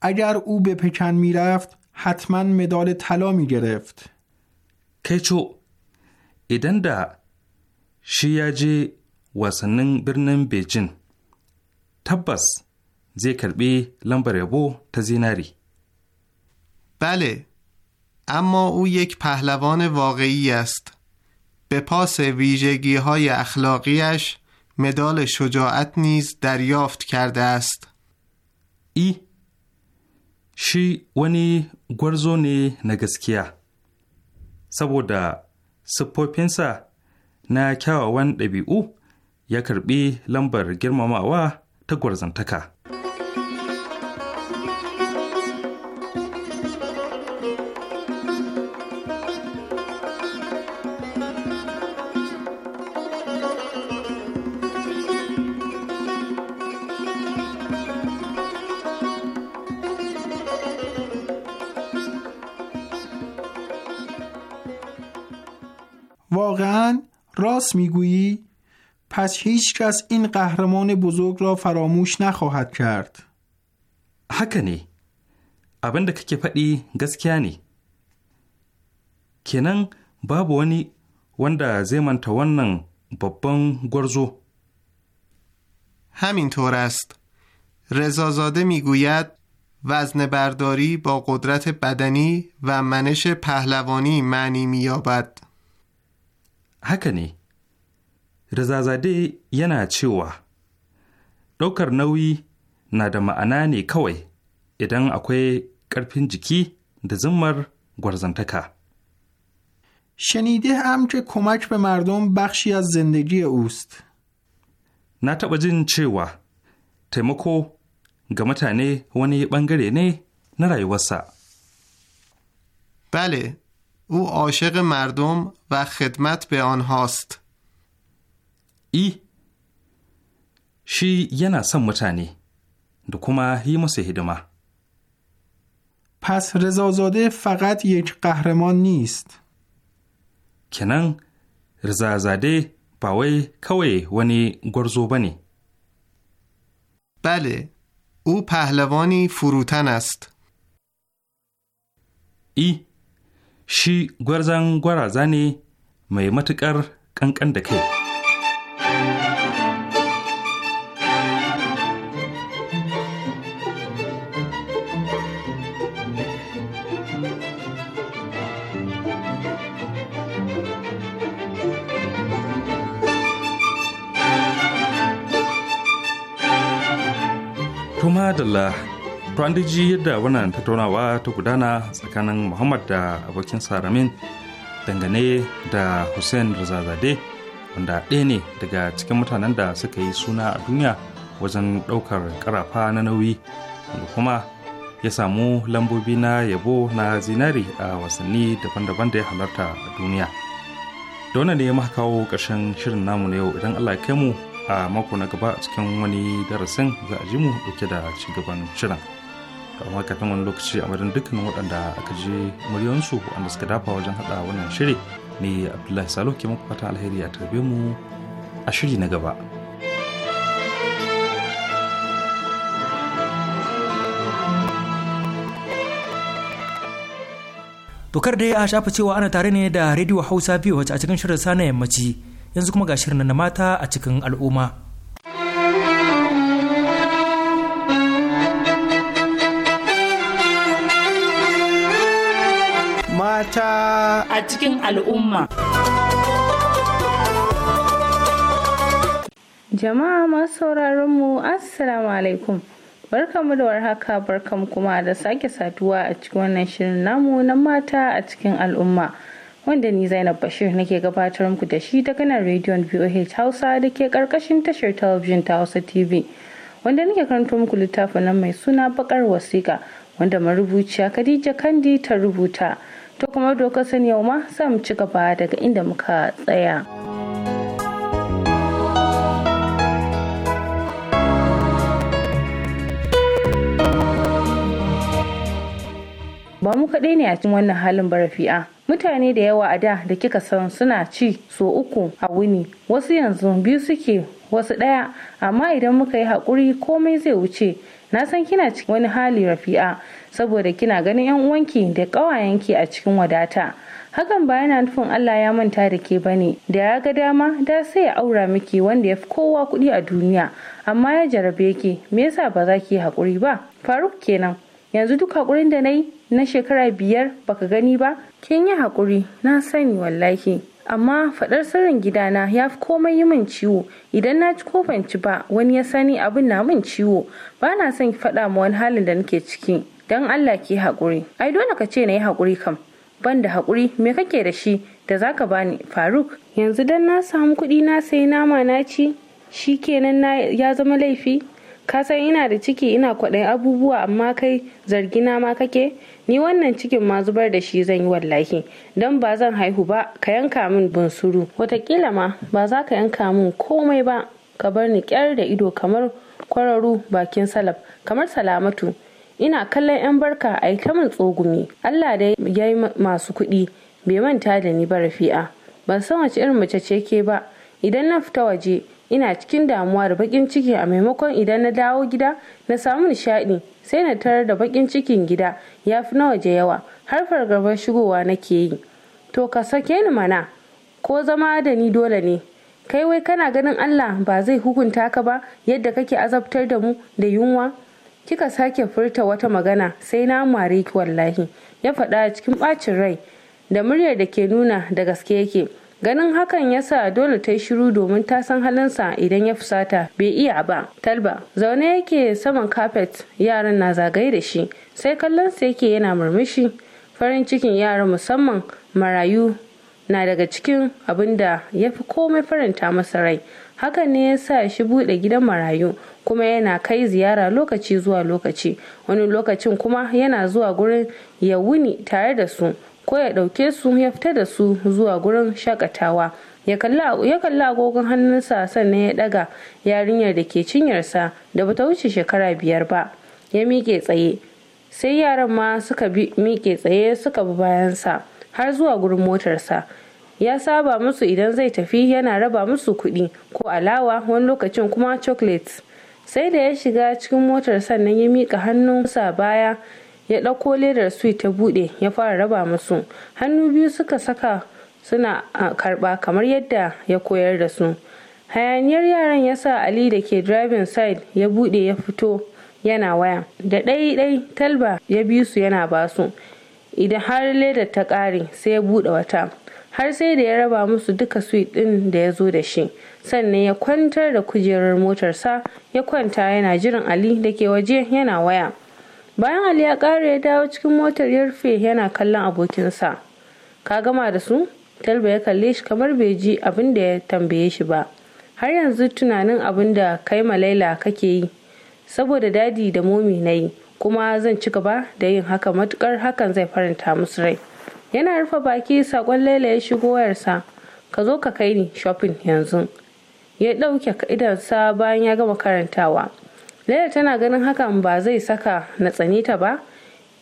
اگر او به پکن میرفت حتما مدال طلا می گرفت کیچو ایدن شی ya je wasannin birnin Beijing. Tabbas zai karbi lambar yabo ta zinari. اما او یک پهلوان واقعی است. به پاس ویژگی های اخلاقیش مدال شجاعت نیز دریافت کرده است. ای شی ونی گرزونی نی نگسکیا سبودا سپوپینسا na kyawawan ɗabi'u ya karɓi lambar girmamawa ta gwarzantaka. راست میگویی؟ پس هیچکس این قهرمان بزرگ را فراموش نخواهد کرد. هکنی، ne abin da kake faɗi gaskiya ne kenan babu wani wanda zai wannan gwarzo همینطور است رضازاده میگوید وزن برداری با قدرت بدنی و منش پهلوانی معنی مییابد هکنی Razazade yana cewa ɗaukar nauyi na da ma'ana ne kawai idan akwai ƙarfin jiki da zimmar gwarzantaka. شنیده هم kuma کمک به مردم بخشی از زندگی اوست. Na taɓa jin cewa taimako ga mutane wani ɓangare ne na rayuwarsa. Bale, او عاشق مردم و خدمت به آنهاست. E, shi yana son mutane da kuma yi musu hidima. Pas Rizazade faqat yake ƙahraman nist. Kenan Rizazade ba wai kawai wani gwarzo ba ne. Bale, u pahlawani furutan ast. shi gwarzan gwaraza ne mai matuƙar ƙanƙan da kai. Tuma da to an yadda wannan tattaunawa ta gudana tsakanin Muhammad da abokin Saramin dangane da Hussein Razazade wanda ɗaya ne daga cikin mutanen da suka yi suna a duniya wajen ɗaukar ƙarafa na nauyi wanda kuma ya samu lambobi na yabo na zinari a wasanni daban-daban da ya halarta a duniya da wannan ne ya kawo ƙarshen shirin namu na yau idan allah ya mu a mako na gaba cikin wani darasin za a ji mu dauke da cigaban shirin amma kafin wani lokaci a madadin dukkanin waɗanda aka je muryansu waɗanda suka dafa wajen haɗa wannan shiri ne abdullahi salo ke muku fatan alheri a tarbe mu a shiri na gaba Dokar da ya shafa cewa ana tare ne da rediyo Hausa biyu wacce a cikin shirin sana yammaci yanzu kuma ga shirin na mata a cikin al'umma. ta a cikin al'umma. Jama'a masu sauraron mu Assalamu alaikum. Barkamu da warhaka barkamu kuma da sake saduwa a cikin wannan shirin namu na mata a cikin al'umma. Wanda ni Zainab Bashir nake gabatar muku da shi ta kanar rediyon VOH Hausa da ke karkashin tashar talabijin ta Hausa TV. Wanda nake karanto muku littafin nan mai suna bakar wasiƙa wanda marubuciya Khadija Kandi ta rubuta. to kuma doka sani yau ma mu ci gaba daga inda muka tsaya. ba mu kaɗai ne a cikin wannan halin ba rafi'a mutane da yawa a da da kika san suna ci so uku a wuni wasu yanzu biyu suke wasu ɗaya amma idan muka yi haƙuri komai zai wuce na san kina cikin wani hali rafi'a saboda kina ganin yan uwanki da ƙawayenki a cikin wadata hakan ba yana nufin Allah ya manta da ke bane da ya ga dama da sai ya aura miki wanda ya fi kowa kuɗi a duniya amma ya jarabe ki me yasa ba za ki yi haƙuri ba faruk kenan yanzu duk haƙurin da na yi na shekara biyar baka gani ba kin yi hakuri? na sani wallahi amma faɗar sirrin gidana ya fi komai yi min ciwo idan na ci kofanci ba wani ya sani abin na min ciwo ba na son ki faɗa ma wani halin da nake ciki don Allah ki hakuri? ai dole ka ce na yi haƙuri kam ban da haƙuri me kake da shi da zaka bani faruk yanzu dan na samu kuɗi na sai nama na ci shi kenan ya zama laifi ka san ina da ciki ina kwaɗayin abubuwa amma kai zargina ma kake ni wannan cikin ma zubar da shi zan yi wallahi don ba zan haihu ba ka yanka min bunsuru watakila ma ba za ka yanka min komai ba ka bar ni kyar da ido kamar kwararru bakin salaf kamar salamatu ina kallon 'yan barka a ta min tsogumi allah da ya yi masu kuɗi bai manta da ni ba rafi'a ban san wace irin mace ce ke ba idan na fita waje ina cikin damuwa da bakin ciki a maimakon idan na dawo gida na samu nishaɗi sai na tarar da bakin cikin gida ya fi na waje yawa har fargabar shigowa nake yi to ka sake ni mana ko zama da ni dole ne kai wai kana ganin allah ba zai hukunta ka ba yadda kake azabtar da mu da yunwa kika sake furta wata magana sai na mare ki wallahi ya faɗa cikin ɓacin rai da muryar da ke nuna da gaske yake ganin hakan ya sa dole ta yi shiru domin ta san halinsa idan ya fusata bai iya ba talba zaune yake saman kafet yaran na zagaye da shi sai kallonsa yake yana murmushi farin cikin yaran musamman marayu na daga cikin abin da ya fi komai faranta masa rai hakan ne ya sa shi buɗe gidan marayu kuma yana kai ziyara lokaci zuwa lokaci wani lokacin kuma yana zuwa gurin ya wuni tare da su ko ya dauke su ya fita da su zuwa gurin shakatawa ya kalli agogon hannunsa sannan ya daga yarinyar da ke cinyarsa da bata wuce shekara biyar ba ya miƙe tsaye sai yaran ma suka miƙe tsaye suka bi bayansa har zuwa gurin motarsa ya saba musu idan zai tafi yana raba musu kuɗi ko alawa wani lokacin kuma chocolate sai da ya shiga cikin motar sannan ya miƙa sa baya ya ɗauko ledar sweet ta buɗe ya fara raba musu hannu biyu suka saka suna karɓa kamar yadda ya koyar da su hayaniyar yaran ya sa ali da ke driving side ya buɗe ya fito yana waya da ɗai-ɗai talba ya bi su yana basu idan har ledar ta ƙare sai ya buɗe wata har sai da ya raba musu duka suit ɗin da ya zo da shi sannan ya kwantar da kujerar motarsa ya kwanta yana jiran ali da ke waje yana waya bayan ali ya ƙara ya dawo cikin motar ya rufe yana kallon abokinsa ka gama da su talba ya kalle shi kamar bai ji abin da ya tambaye shi ba har yanzu tunanin abin da kai malaila kake yi saboda dadi da momi na yi kuma zan ci gaba da yin haka matukar hakan zai faranta musu rai yana rufe baki sakon lele ya shigo wayarsa ka zo ka kai ni shopping yanzu ya ɗauke sa bayan ya gama karantawa lele tana ganin hakan ba zai saka na tsanita ba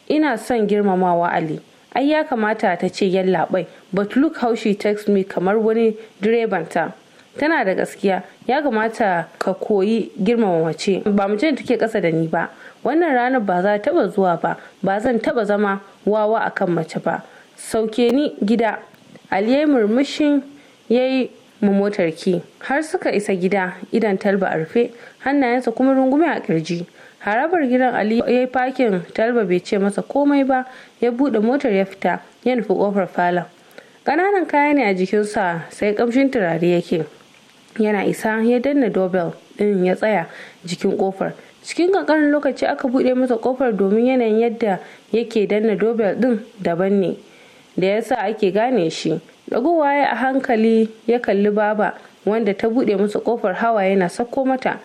ina son girmamawa ali ai ya kamata ta ce yallaɓai but look how she takes me kamar wani direbanta tana da gaskiya ya kamata ka koyi girmama mace ba mace da take ƙasa da ni ba wannan ranar ba za taɓa zuwa ba ba zan taɓa zama wawa akan mace ba sauke ni gida ali ya murmushin ya yi motarki har suka isa gida idan talba a rufe hannayensa kuma rungume a kirji harabar gidan ali ya yi fakin talba bai ce masa komai ba ya buɗe motar ya fita ya nufi ƙofar falon ƙananan kaya ne a jikinsa sai ƙamshin turare yake yana isa ya danna dobel ɗin ya tsaya jikin ƙofar cikin kankanin lokaci aka buɗe masa ƙofar domin yanayin yadda yake danna dobel ɗin daban ne da ya sa ake gane shi ɗagowa ya a hankali ya kalli baba wanda ta buɗe masa ƙofar hawa yana sako mata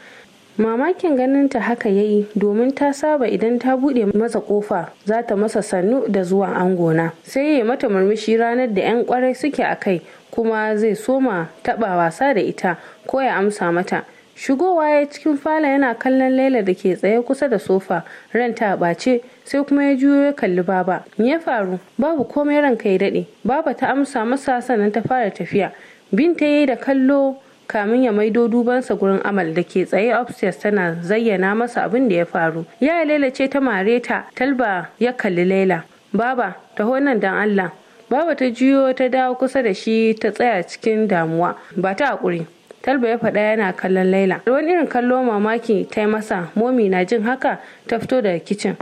mamakin ganinta haka ya yi domin ta saba idan ta buɗe masa ƙofa za ta masa sannu da zuwa angona sai ya mata murmushi ranar da 'yan kwarai suke a kai kuma zai soma taɓa wasa da ita ko ya amsa mata shigowa ya cikin fala yana kallon laila da ke tsaye kusa da sofa ranta a ɓace sai kuma ya juyo ya kalli baba me ya faru babu komai ranka ya daɗe baba ta amsa masa sannan ta fara tafiya binta yayi da kallo kamin ya maido dubansa gurin amal da ke tsaye upstairs tana zayyana masa abin da ya faru ya laila ce ta mare ta talba ya kalli laila baba taho nan dan allah baba ta juyo ta dawo kusa da shi ta tsaya cikin damuwa ba ta haƙuri Talba ya faɗa yana kallon Laila. Wani irin kallo mamaki ta yi masa momi na jin haka ta fito daga kicin.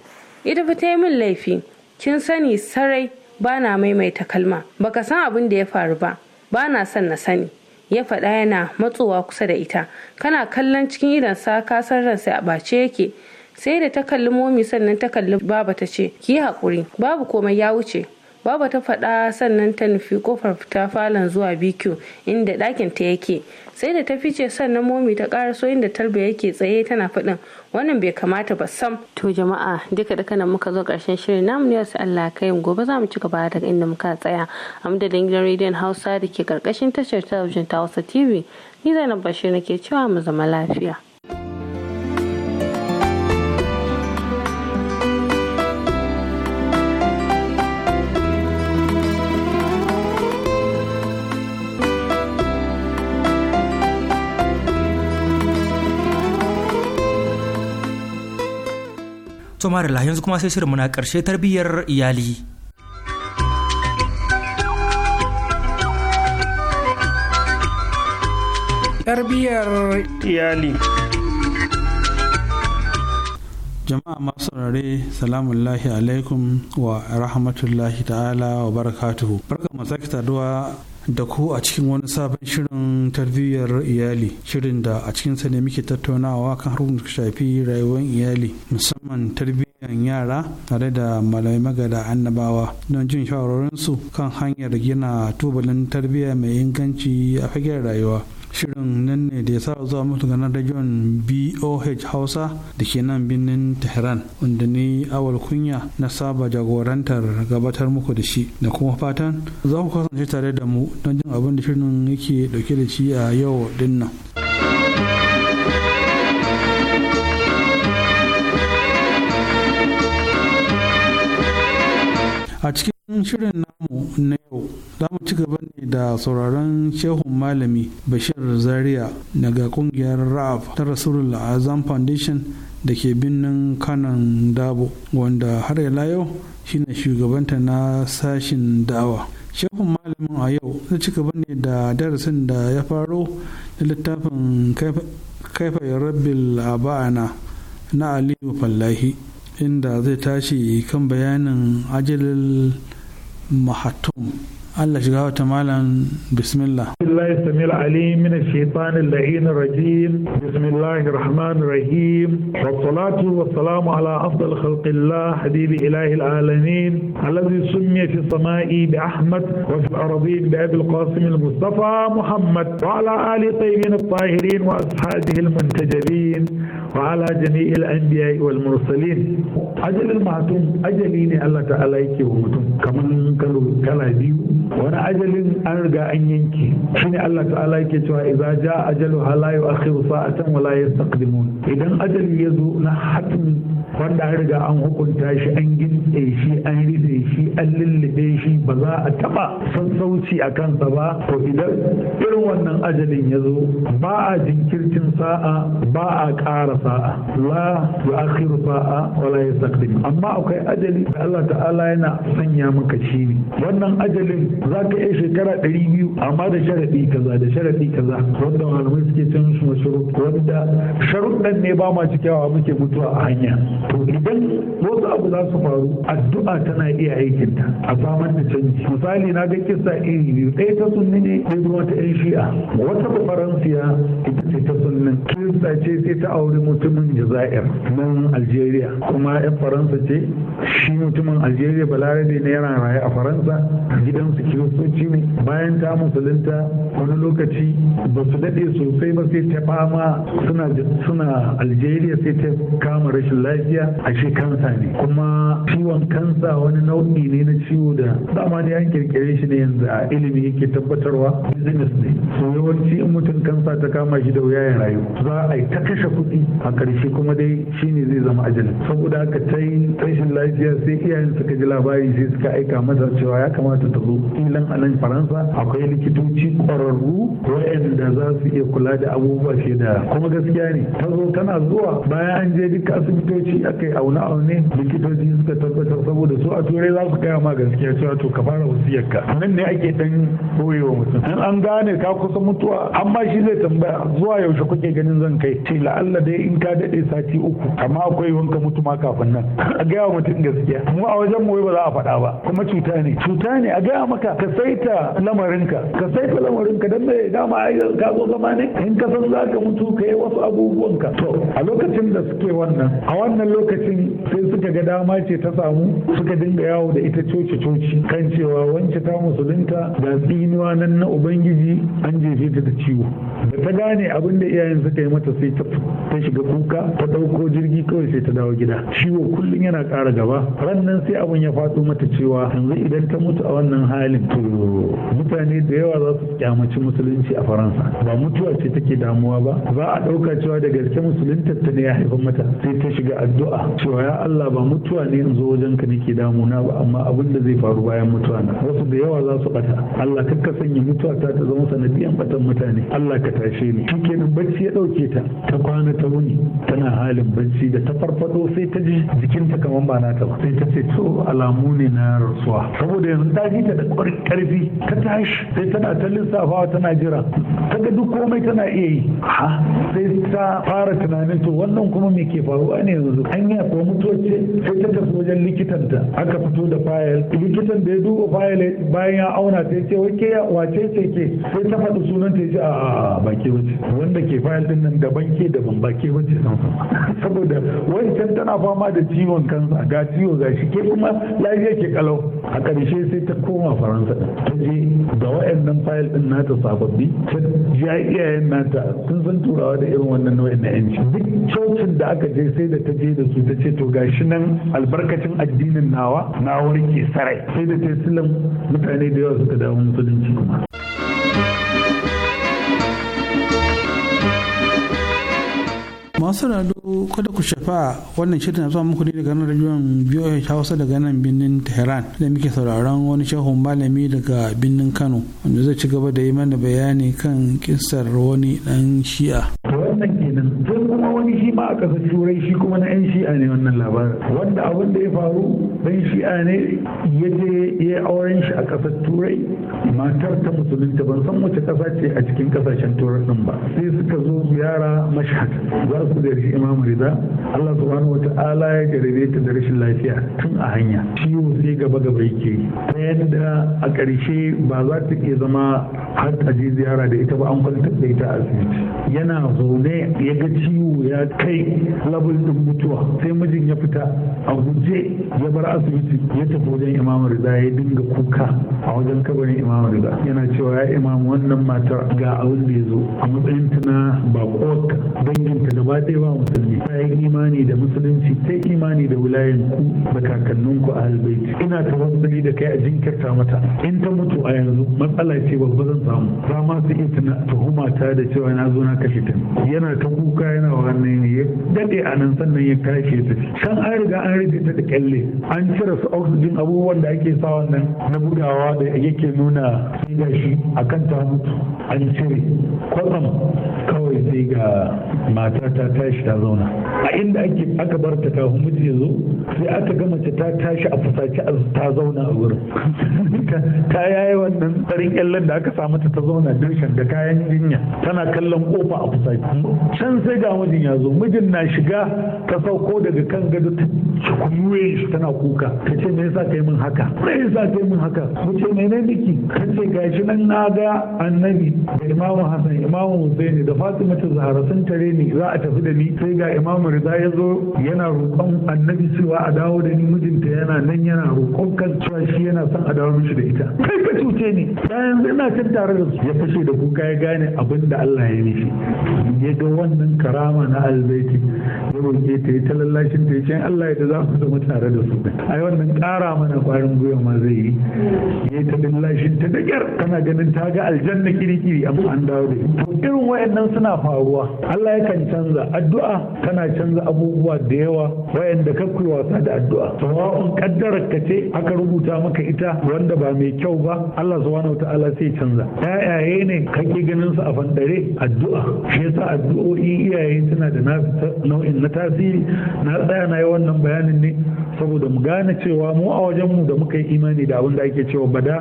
Ita fa ta yi min laifi. Kin sani sarai bana maimaita kalma. Baka san abin da ya faru ba. Bana son na sani. ya faɗa yana matsowa kusa da ita kana kallon cikin idan sa kasan ransa a bace yake sai da ta kalli momi sannan ta kalli baba ta ce ki haƙuri babu komai ya wuce baba ta faɗa sannan ta nufi kofar fita falon zuwa bq inda ɗakin ta yake sai da ta fice sannan momi ta karaso inda talba yake tsaye tana faɗin wannan bai kamata ba sam to jama'a duka duka nan muka zo karshen shirin namu ne wasu Allah yin gobe za mu ci gaba daga inda muka tsaya a madadin gidan rediyon Hausa da ke karkashin tashar talabijin ta Hausa TV ni Zainab Bashir ke cewa mu zama lafiya to marilla yanzu kuma sai shirin muna karshe tarbiyyar iyali tarbiyyar iyali jama'a masu saurare salamun lahi alaikum wa rahmatullahi ta'ala wa barakatuhu barka mu sake saduwa da ku a cikin wani sabon shirin tarbiyyar iyali shirin da a cikinsa ne muke tattaunawa kan harkokin da shafi rayuwar iyali musamman tarbiyyar yara tare da malamai magada annabawa don jin shawarorinsu kan hanyar gina tubalin tarbiyya mai inganci a fagen rayuwa shirin nan ne da ya sa zuwa mutu ganar rajon boh hausa da ke nan birnin tehran wanda ni awal kunya na saba jagorantar gabatar muku da shi da kuma fatan za ku kasance tare da mu don jin abin da shirin yake dauke da shi a yau dinnan. a cikin cikin shirin namu na yau za mu ci gaba ne da sauraron shehun malami bashir zaria daga kungiyar ra'af ta rasulullah azam foundation da ke birnin kanan dabo wanda har ila yau shine shugabanta na sashin da'awa shehun malamin a yau zai ci gaba ne da darasin da ya faro da littafin kaifayar rabbi abana na aliyu fallahi inda zai tashi kan bayanin ajalil mahatum Allah shiga wata malam bismillah. Bismillah samil alim min shaitan al-la'in rajim bismillahir rahmanir rahim wa salatu wa salamu ala afdal khalqillah habibi ilahi al-alamin alladhi summiya fi samai bi ahmad wa fi al-aradin bi abi al-qasim al-mustafa muhammad wa ala ali tayyibin at-tahirin wa ashabihi al-muntajabin wa ala jami'i al-anbiya wal mursalin ajal al-ma'tum ajali ne Allah ta'ala yake wa mutum kaman kalo biyu wani ajalin an riga an yanke shine Allah ta'ala yake cewa idza jaa ajalu la yu'akhiru sa'atan wa la yastaqdimun idan ajali ya zo na hatmi wanda an riga an hukunta shi an gintse shi an rize shi an lullube shi ba za a taba sassauci a kansa ba to idan irin wannan ajalin ya zo ba a jinkircin sa'a ba a ƙara sa'a la yu'akhiru sa'a wa la yastaqdimun amma akwai ajali da Allah ta'ala yana sanya maka shi wannan ajalin za ka iya shekara ɗari biyu amma da sharaɗi kaza da sharaɗi kaza wanda malamai suke ce musu mashuru wanda sharuɗan ne ba ma cikawa muke mutuwa a hanya to idan wasu abu za su faru addu'a tana iya aikinta a samar da canji misali na ga kisa iri biyu ɗaya ta sunni ne ɗaya kuma ta yan shi'a wata faransiya ita ce ta sunnin kirista ce sai ta auri mutumin jaza'ir nan algeria kuma yan faransa ce shi mutumin algeria balarabe ne yana raye a faransa gidansu kiristoci ne bayan ta musulunta wani lokaci ba su daɗe sosai ba sai ta fama suna algeria sai ta kama rashin lafiya a shi kansa ne kuma ciwon kansa wani nau'i ne na ciwo da dama da an kirkire shi ne yanzu a ilimi yake tabbatarwa business ne so yawanci in mutum kansa ta kama shi da wuya ya rayu za a yi ta kashe kuɗi a ƙarshe kuma dai shi ne zai zama ajalin saboda haka ta yi rashin lafiya sai iyayen suka ji labari sai suka aika masa cewa ya kamata ta zo wakilan a nan faransa akwai likitoci ƙwararru waɗanda za su iya kula da abubuwa shi da kuma gaskiya ne ta zo tana zuwa bayan an je duka asibitoci aka yi aune aune likitoci suka tabbatar saboda su a turai za su gaya ma gaskiya cewa to ka fara wasiyarka nan ne ake dan koyewa mutum in an gane ka kusa mutuwa an ba shi zai tambaya zuwa yaushe kuke ganin zan kai ce la'alla dai in ka daɗe sati uku amma akwai wanka mutu ma kafin nan a gaya mutum gaskiya mu a wajen mu ba za a faɗa ba kuma cuta ne cuta ne a gaya maka ka ka saita lamarinka ka saita lamarinka dan me dama ai ka zo zama ne in ka san zaka mutu ka yi wasu ka? to a lokacin da suke wannan a wannan lokacin sai suka ga dama ce ta samu suka dinga yawo da ita coci coci kan cewa wance ta musulunta da tsinuwa nan na ubangiji an jefe ta da ciwo da ta gane abin da iyayen suka yi mata sai ta ta shiga kuka ta ɗauko jirgi kawai sai ta dawo gida ciwo kullum yana ƙara gaba ran nan sai abin ya faɗo mata cewa yanzu idan ta mutu a wannan hali misali to mutane da yawa za su kyamaci musulunci a faransa ba mutuwa ce take damuwa ba za a ɗauka cewa da gaske musulunta ta ne ya haifa mata sai ta shiga addu'a cewa ya Allah ba mutuwa ne in zo wajen ka nake damuna ba amma abin da zai faru bayan mutuwa na wasu da yawa za su bata Allah kakka sanya mutuwa ta ta zama sanadiyan batan mutane Allah ka tashe ni kenan bacci ya ɗauke ta ta kwana ta wuni tana halin bacci da ta farfado sai ta ji jikinta kamar ba nata ba sai ta ce to alamu ne na rasuwa saboda yanzu ta ji ta da sabuwar karfi ka tashi sai tana ta lissafawa tana jira ta ga duk komai tana iya yi ha sai ta fara tunanin to wannan kuma me ke faruwa ne yanzu an ko akwai ce sai ta tafi wajen likitanta aka fito da fayil likitan da ya duba fayil bayan ya auna ta ce wake ya wace ce ke sai ta faɗi sunan ta ce a baki wuce wanda ke fayil din nan daban ke daban baki wace saboda wancan tana fama da ciwon kansa ga ciwo ga shi ke kuma lafiya ke kalau a ƙarshe sai ta koma faransa ɗin ta je da wa'annan fayil ɗin nata sababbi ta ya iyayen nata sun san turawa da irin wannan nau'in na yanci duk cocin da aka je sai da ta je da su ta ce to gashi nan albarkacin addinin nawa na warke sarai sai da ta silan mutane da yawa suka dawo musulunci kuma. masu rado kada ku shafa wannan shirin na zuwa muku ne daga nan rajiyon a hausa daga nan birnin tehran da muke sauraron wani shahun malami daga birnin kano wanda zai ci gaba da yi mana bayani kan kisar wani dan shi'a. wai shi ma a ƙasar turai shi kuma na 'yan shi'a ne wannan labarin wanda abin da ya faru dan shi'a ne ya je ya auren shi a ƙasar turai matar ta musulunta ban san wace ƙasa ce a cikin ƙasashen turai ɗin ba sai suka zo ziyara mashhad za su ziyarci imam riza allah subhanahu ta'ala ya jarabe ta da rashin lafiya tun a hanya ciwo sai gaba gaba yake ta yadda a ƙarshe ba za ta iya zama har ta je ziyara da ita ba an kwantar da ita a asibiti yana zaune ya ga ciwo ya kai labul din mutuwa sai mijin ya fita a guje ya bar asibiti ya tafi wajen imamu riza ya dinga kuka a wajen kabarin imamu riza yana cewa ya imamu wannan matar ga abin da ya zo a matsayin ta na baƙota danginta gaba ɗaya ba musulmi ta yi imani da musulunci ta imani da wilayen ku da kakanninku a halbaiti ina tawassuli da kai a jinkirta mata in ta mutu a yanzu matsala ce babba zan samu ba ma su iya tuhuma ta da cewa na zo na kashe ta yana ta kuka yana wa mutane ya daɗe a nan sannan ya tashi su can an riga an rufe ta da kyalle an cire su oxygen abubuwan da ake sa wannan na bugawa da yake nuna ga shi a kan ta mutu an cire kwatsam kawai sai ga mata ta tashi ta zauna a inda ake aka bar ta kafin mutu ya zo sai aka ga mace ta tashi a fusace ta zauna a wurin ta yaye wannan tsarin kyallen da aka sa mata ta zauna dirshan da kayan jinya tana kallon kofa a fusace can sai ga mijin ya ya zo mijin na shiga ta sauko daga kan gado ta cikunwe shi tana kuka ta ce me yasa kai min haka me yasa kai min haka mu ce me ne miki ta ce gashi nan na ga annabi da imamu hasan imamu husaini da fatima ta zahara sun tare ni za a tafi da ni sai ga imamu rida ya zo yana roƙon annabi cewa a dawo da ni mijinta yana nan yana roƙon kan cewa shi yana son a dawo mishi da ita kai ka cuce ni bayan ina can tare da su ya fashe da kuka ya gane abin da Allah ya nufi ya ga wannan karama na ahal baiti ya roƙe ta ta lallashin ta can Allah ya za ku zama tare da su yi wannan ƙara mana ƙwarin gwiwa ma zai yi ya ta lallashin ta daƙyar kana ganin ta ga aljanna kiri-kiri amma an dawo da irin wayannan suna faruwa Allah yakan canza addu'a kana canza abubuwa da yawa wayanda ka kuwa wasa da addu'a sawa'un kaddarar ka ce aka rubuta maka ita wanda ba mai kyau ba Allah subhanahu ala sai canza ƴaƴaye ne kake ganin su a fandare addu'a shi yasa addu'o'i iyaye suna da nau'in na tasiri na tsaya na yi wannan bayanin ne saboda mu gane cewa mu a wajenmu da muka yi imani da abin da ake cewa bada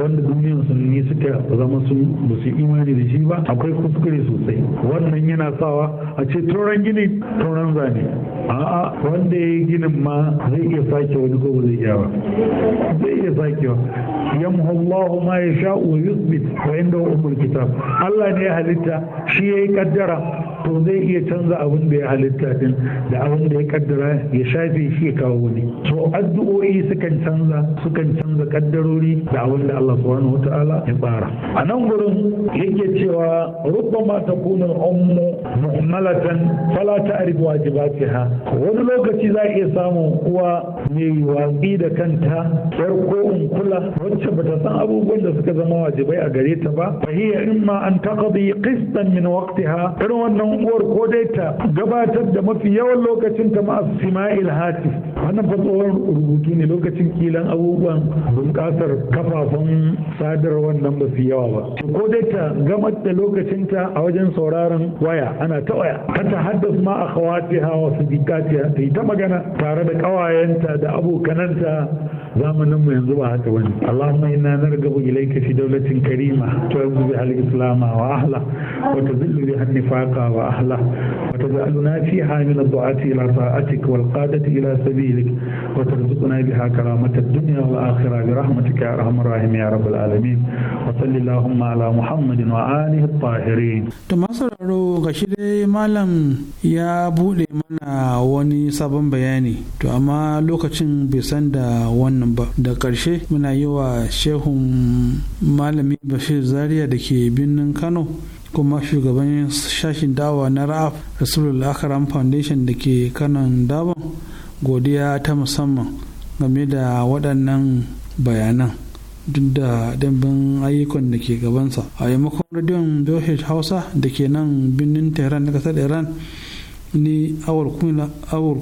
wanda duniyan ne suka zama sun ba imani da shi ba akwai kuskure sosai wannan yana sawa a ce turan gini turan zane a'a wanda ya yi ginin ma zai iya sake wani ko zai iya ba zai iya sakewa Ya Allahu ma ya sha'u wa yuthbit wa inda kitab Allah ne ya halitta shi ya yi kaddara to zai iya canza abin da ya halitta din da abin da ya kaddara ya shafe shi ya kawo wani so addu'o'i sukan canza sukan canza kaddarori da abin da Allah subhanahu wataala ya fara. a nan gurin yake cewa rubbama takunu al-ummu mu'malatan fala ta'rif wajibatiha wani lokaci za iya samun uwa mai watsi da kanta yar ko in kula wacce bata san abubuwan da suka zama wajibai a gare ta ba fa hiya imma an taqdi qistan min waqtiha irin wannan unguwar ko dai ta gabatar da mafi yawan lokacin ta ma'a sima'il hatif wannan fa rubutu ne lokacin kilan abubuwan bunƙasar kafafen sadarwar nan ba su yawa ba ko dai ta gama da lokacin ta a wajen sauraron waya ana ta waya ta haddasa ma a hawa wasu dikatiya ta yi ta magana tare da ƙawayenta da abokananta zamanin mu yanzu ba haka bane Allahumma inna nargabu ilayka fi dawlatin karima tu'izzu biha al-islam wa ahla wa tuzillu bi an-nifaqa wa ahla wa tad'aluna fiha min ad-du'ati ila ta'atik wal qadati ila sabilik wa tarzuqna biha karamata ad-dunya wal akhirah bi rahmatika ya arhamar rahim ya rabbal alamin wa salli Allahumma ala Muhammadin wa alihi at-tahirin to masararo gashi dai malam ya bude mana wani sabon bayani to amma lokacin bai san da wannan nan ba da ƙarshe muna yi wa shehun malami bashir zaria da ke birnin kano kuma shugaban shashin dawa na ra'af rasulul akram foundation da ke kanan daban godiya ta musamman game da waɗannan bayanan duk da dambin ayyukan da ke gabansa a yamakon radiyon johish hausa da ke nan birnin tehran na ƙasar iran ni awar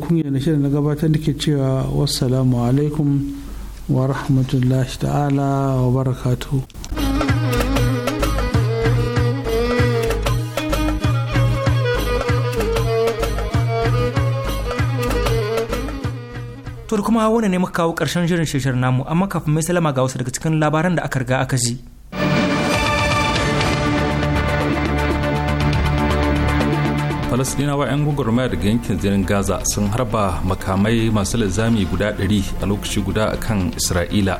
kunya na shirin na gabatar da ke cewa wasu salamu alaikum wa rahmatullahi ta'ala wa barakatu. to kuma wani ne muka kawo karshen jirin shirin namu amma kafin mai salama ga wasu daga cikin labaran da aka riga aka ji. falasdinawa 'yan gwagwarmaya daga yankin zirin gaza sun harba makamai masu linzami guda 100 a lokaci guda a kan isra'ila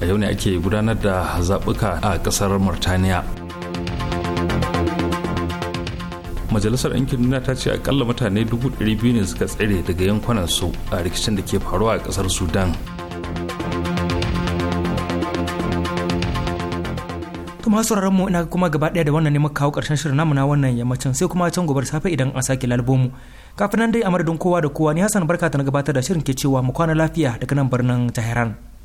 a yau ne ake gudanar da zaɓuka a ƙasar murtaniya majalisar yankin duniya ta ce akalla mutane 200,000 ne suka tsere daga yankunan su a rikicin da ke faruwa a ƙasar sudan kuma sauraron mu ina kuma gaba ɗaya da wannan ne muka kawo ƙarshen shirin namu na wannan yammacin sai kuma can gobar safe idan an sake lalbo mu kafin nan dai a madadin kowa da kowa ni Hassan barka ta na gabatar da shirin ke cewa mu kwana lafiya daga nan birnin Tehran